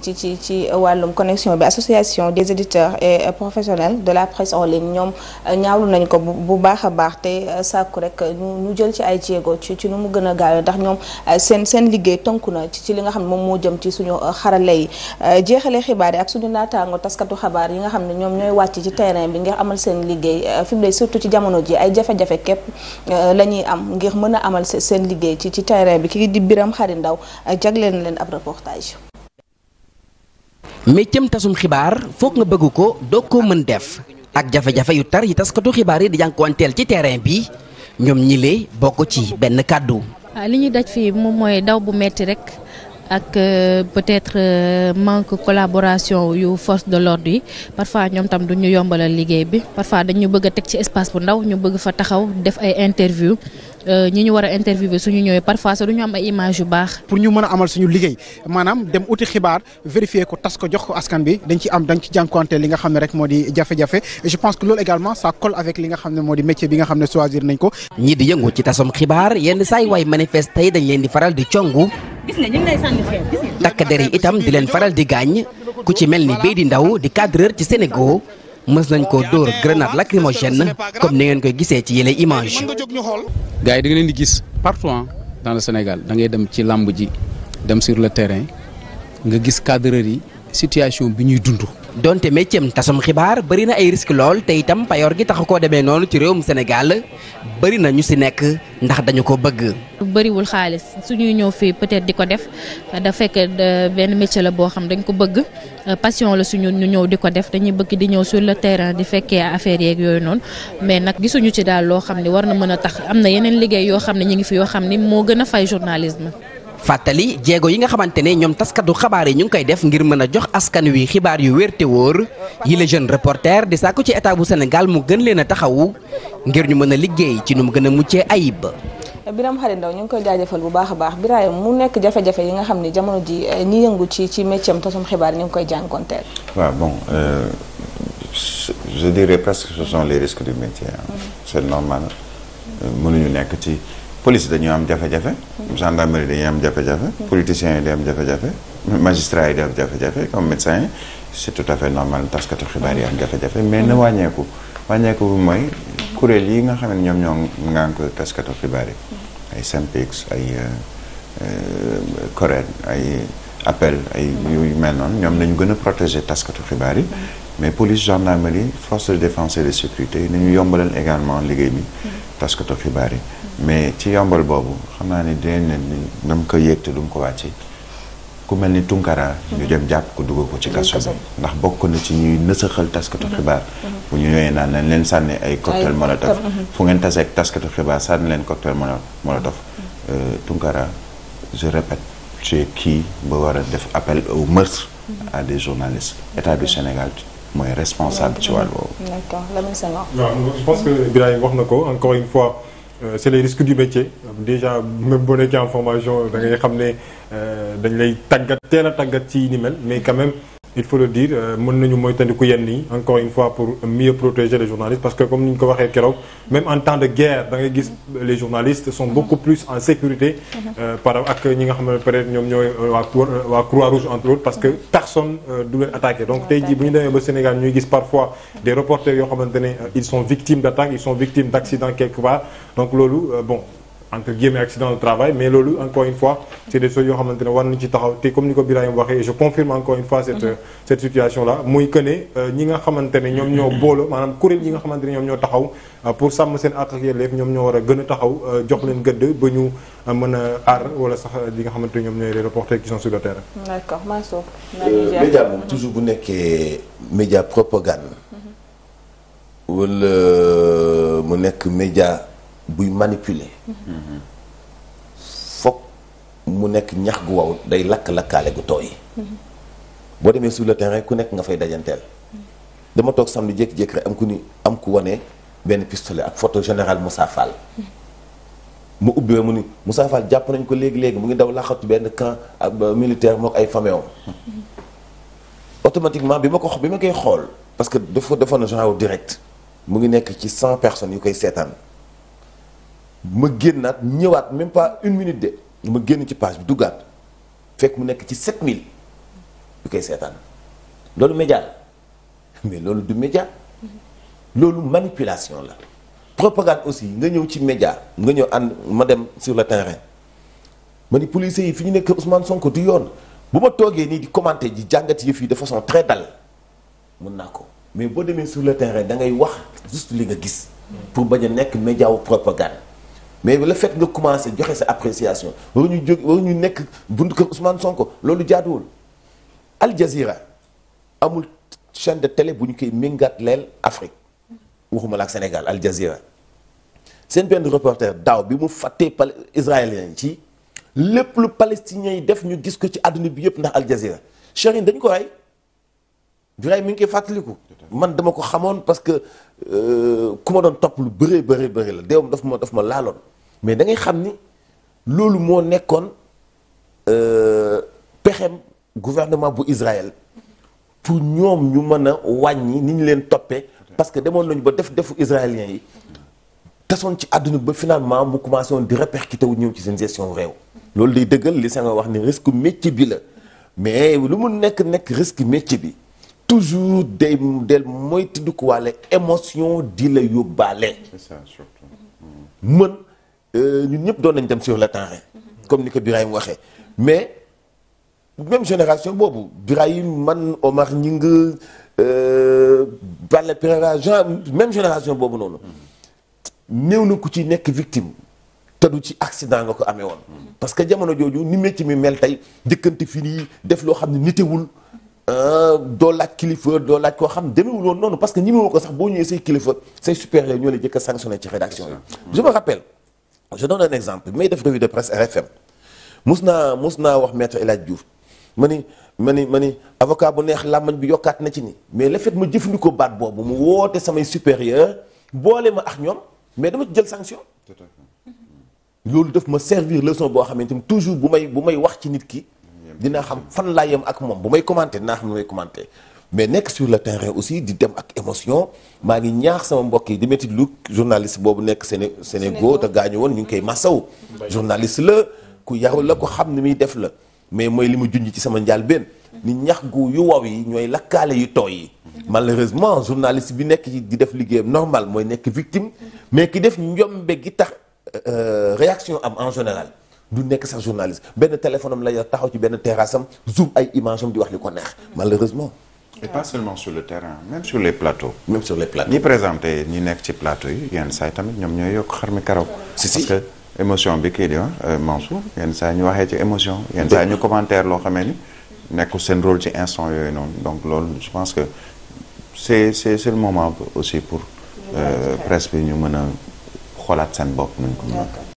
ci ci ci wàllum connexion bi association des éditeurs et euh, professionnels de la presse en ligne ñoom euh, ñaawlu nañ ko bu baax a baax te euh, sàkku rek ñu jël ci ay jéego ci ci nu mu gën a ndax ñoom seen seen liggéey tënku na ci li nga xam ne moom moo jëm ci suñu xarale yi jeexalee xibaar yi ak suñu naataango taskatu xabaar yi nga xam ne ñoom ñooy wàcc ci terrain bi ngir amal seen liggéey fi mu ne surtout ci jamono ji ay jafe-jafe képp la ñuy am ngir mën a amal seen liggéey ci ci terrain bi kii di Biram Xari Ndaw jagleen leen ab reportage méccam tasum xibaar foog nga bëgg ko doog ko mën def ak jafe-jafe yu tar yi taskatu xibaar yi di jànkuwanteel ci terrain bi ñoom ñi lee bokk ci benn kàddu. Ah, li ñuy daj fii moom mooy daw bu metti rek. ak euh, peut-être euh, manque collaboration yu force de l'ordre yi parfois ñoom tam du ñu yombalal liggéey bi parfois dañu bëgg a teg ci espace bu ndaw ñu bëgg fa taxaw def ay interview euh, ñi ñu war a interviewé suñu ñëwee parfois sax du ñu am ay image yu baax. pour ñu mën a amal suñu liggéey maanaam dem uti xibaar vérifier ko tas ko jox ko askan bi dañ ci am dañ ci jànkuwante li nga xam ne rek moo di jafe-jafe je pense que loolu également ça colle avec li nga xam ne moo di métier bi xam ne choisir nañ ko. ñii di yëngu ci tasum xibaar yenn saa yi waay manifeste yi dañ di faral di congu. gis takk der yi itam di leen faral di gaañ ku ci mel ni béy di ndaw di cadreur ci Sénégal mës nañ koo dóor grenade lacrymogène comme ni ngeen koy gisee ci yële image. gars yi da nga leen di gis partout dans Sénégal da ngay dem ci làmb ji dem sur le terrain nga gis cadreur yi. situation bi ñuy dund. donte méccam tasum xibaar bëri na ay risque lool te itam payoor gi taxu koo demee noonu ci réewum Sénégal bëri na ñu si nekk ndax dañu ko bëgg. bëriwul xaalis suñuy ñëw fii peut-être di ko def da fekk euh, benn métier la boo xam dañ ko bëgg euh, passion la suñu ñu ñëw di ko def dañuy bëgg di ñëw sur le terrain di fekkee affaire yeeg yooyu noonu mais nag gisuñu ci daal loo xam ne war na mën a tax am na yeneen liggéey yoo xam ne ñu ngi fi yoo xam ni moo gën a fay journalisme. fàttali jéego yi nga xamante ne ñoom taskatu xabaar yi ñu ngi koy def ngir mën a jox askan wi xibaar yu wérte te wóor yi la jeune reporter di sàkku ci état bu Sénégal mu gën leen a taxawu ngir ñu mën a liggéey ci nu mu gën a muccee ayib. Birame Khary Ndao ñu ngi koy jaajëfal bu baax a baax Birame mu nekk jafe-jafe yi nga xam ni jamono ji eh, ñi yëngu ci ci métier am tasum xibaar ñu ngi koy jànkonteel. waaw bon euh, les risques du métier. Mm-hmm. Euh, mënuñu nekk ci. police dañuy am jafe-jafe gendarmerie dañuy am jafe-jafe politiciens yi dañuy am jafe-jafe magistrats yi dañuy am jafe-jafe comme médecins yi c'est tout à fait normal taskatu xibaar yi am jafe-jafe mais na wàññeeku wàññeeku bi mooy kuréel yi nga xam ne ñoom ñoo ngànk taskatu xibaar yi ay SYNPICS ay euh, euh, CORED ay appel ay yu mel noonu ñoom nañu gën a protéger taskatu xibaar yi mais police gendarmerie force de défense et de sécurité nañu yombalal également liggéey bi taskatu xibaar yi mais ci yombal boobu xam naa ni dinañ leen ni dama ko yéeg te du mu ko wàcce ku mel ni Tunkara. ñu dem mhm. jàpp ko dugal ko ci kaso bi ndax bokk na ci ñuy nësaxal taskatu mhm. xibaar. Mhm. bu ñu ñëwee naan nañ leen sànni ay cocktail molotov fu ngeen tasee ak taskatu xibaar sànni leen cocktail molotov euh, Tunkara je répète c'est kii ba war a def appel au meurtre à des journalistes état du Sénégal mooy responsable ci wàll boobu. d'accord je wax na ko encore une fois. Euh, c'est les risques du métier euh, déjà même boo nekkee en formation euh, da ngay xam ne dañ lay tàggat teel a tàggat ci ni mel mais quand il faut le dire euh, mën nañu moytandiku yenn yi encore une fois pour mieux protéger les journalistes parce que comme ni ñu ko waxee keroog même en temps de guerre da gis les journalistes sont mmh. beaucoup plus en sécurité mmh. euh, par ak ñi nga xam ne peut-être ñoom ñooy euh, waa waa parce que mmh. personne du leen attaqué donc tey jii bu ñu demee ba Sénégal ñuy gis parfois des reporters yoo xamante ne ils sont victimes d'attaques ils sont victimes d'accidents quelque part donc loolu bon entre guillemets accident de travail mais loolu encore une fois c'est des yoo xamante ne war nañu ci taxaw te comme ni ko Birahim waxee je confirme encore une fois cette mhm. situation là muy que euh, ñi nga xamante ne ñoom ñoo booloo maanaam kuréel yi nga xamante ne ñoom ñoo taxaw euh, pour sàmm seen àq ak yelleef ñoom ñoo war a gën a taxaw euh, jox leen gëdd ba ñu mën a aar wala sax li nga xamante ne ñoom ñooy les reporters qui sont sur le terrain. d'accord Mansour. média moom toujours bu nekkee média propagande. Mhm. wala mu nekk média. buy manipuler. foog mu nekk ñax gu wow day lakk-lakkaale gu tooy. boo demee sur le terrain ku nekk nga fay dajanteel. dama toog samedi jékki-jékki rek am ku ni am ku wane benn pistolet ak photo général Moussa Fall. mu ubbiwee mu ni Moussa Fall jàpp nañ ko léegi léegi mu ngi daw laxatu benn camp militaire mook ay famille am automatiquement bi ma ko bi ma koy xool parce que dafa dafa na genre direct mu ngi nekk ci cent personnes yu koy seetaan. ma génn génnaat ñëwaat même pas une minute de ma génn ci page bi duggaat fekk mu nekk ci 7000 yu koy seetaan loolu média la mais loolu du média loolu manipulation la propagande aussi nga ñëw ci média nga ñëw ànd ma dem sur le terrain ma ni policiers yi fi ñu nekk Ousmane Sonko du yoon bu ma toogee nii di commenter ji jàngat yëf yi de façon très dal mun naa ko mais boo demee sur le terrain da ngay wax juste li nga gis pour bañ a nekk média wu propagande mais le fet nga commencé joxe sa appréciation waruñu jóg waruñu nekk bunt kër Ousmane Sonko loolu jaaduwul Al Jazeera amul chaîne de télé bu ñu koy méngaat leel Afrique waxuma la ak Sénégal Al Jazeera seen benn reporter daaw bi mu fàttee pal israélien ci lépp lu palestinien yi def ñu gis ko ci àdduna bi yëpp ndax Al Jazeera dañ ko rey Biray mi ngi koy fàttaliku. man dama ko xamoon parce que euh, ku ma doon topp lu bëree bëri bëri la deewam daf ma daf ma laaloon. mais da ngay xam ni loolu moo nekkoon euh, pexem gouvernement bu Israël pour ñoom ñu mën a wàññi ni ñu leen toppee parce que demoon nañu ba def defu israéliens yi tasoon ci àdduna ba finalement mu commencé woon di répercuté wu ñëw ci seen gestion réew. loolu day dëggal li sa nga wax ni risque métier bi la mais lu mun nekk nekk risque métier bi. toujours day del moytandikuwaale émotion di la yóbbaale. c'est ça surtout. mën euh, ñun ñëpp doon nañ dem sur le terrain. comme ni ko Birahim waxee mais même génération boobu Birahim man Omar ñi nga euh, Balla Pereira Jean même génération boobu noonu. néew na ku ci nekk victime. te du ci accident nga ko amee woon. parce que jamono jooju ni métti mi mel tey jëkkante fii nii def loo xam ne nitewul. Euh, dool laaj kilifa doo laaj koo xam demeewul woon noonu parce que ñi ma ko sax boo ñëwee say kilifa say supérieur ñoo la jëkk a sanctionné ci rédaction yi. je me rappelle je donne un exemple bi may def revue de presse RFM mus naa mus naa wax maître El Hadj Diouf ma ni ma ni ma ni avocat bu neex làmmañ bi yokkaat na ci ni mais le fait ma jëfandikoo baat boobu mu woote samay supérieur boole ma ak ñoom mais dama jël sanction. loolu def ma servir leçon boo xamante ni toujours bu may bu may wax ci nit ki. dinaa xam fan laa yem ak moom bu may commenter dinaa xam lu may commenter mais nekk sur le terrain aussi di dem ak émotion maa ngi ñaax sama mbokk yi di métti lu journaliste boobu nekk Séné Sénégal te gaañu woon ñu ngi koy massaw journaliste la ku yaru la ku xam ni muy def la mais mooy li ma junj ci sama njaal benn ni ñax gu yu wow yi ñooy lakkaale yu tooy yi malheureusement journaliste bi nekk di def liggéeyam normal mooy nekk victime mais ki def njombe gi tax euh, réaction am en général du nekk sax journaliste benn téléphone am la yor taxaw ci benn terrasse am zoom ay image am di wax li ko neex malheureusement. et pas seulement sur le terrain même sur les plateaux. même sur les plateaux ñi présenté ñi nekk ci plateau yi yenn saa yi tamit ñoom ñooy yokk xar mi karaw. si si parce que émotion bi kii di wax euh, Mansour yenn saa ñu waxee ci émotion. yenn saa ñu commentaire loo xamee ni nekkul seen rôle ci instant yooyu noonu donc loolu je pense que c'est c'est c'est le moment aussi pour. Euh, presse bi ñu mën a xoolaat seen bopp nañ ko.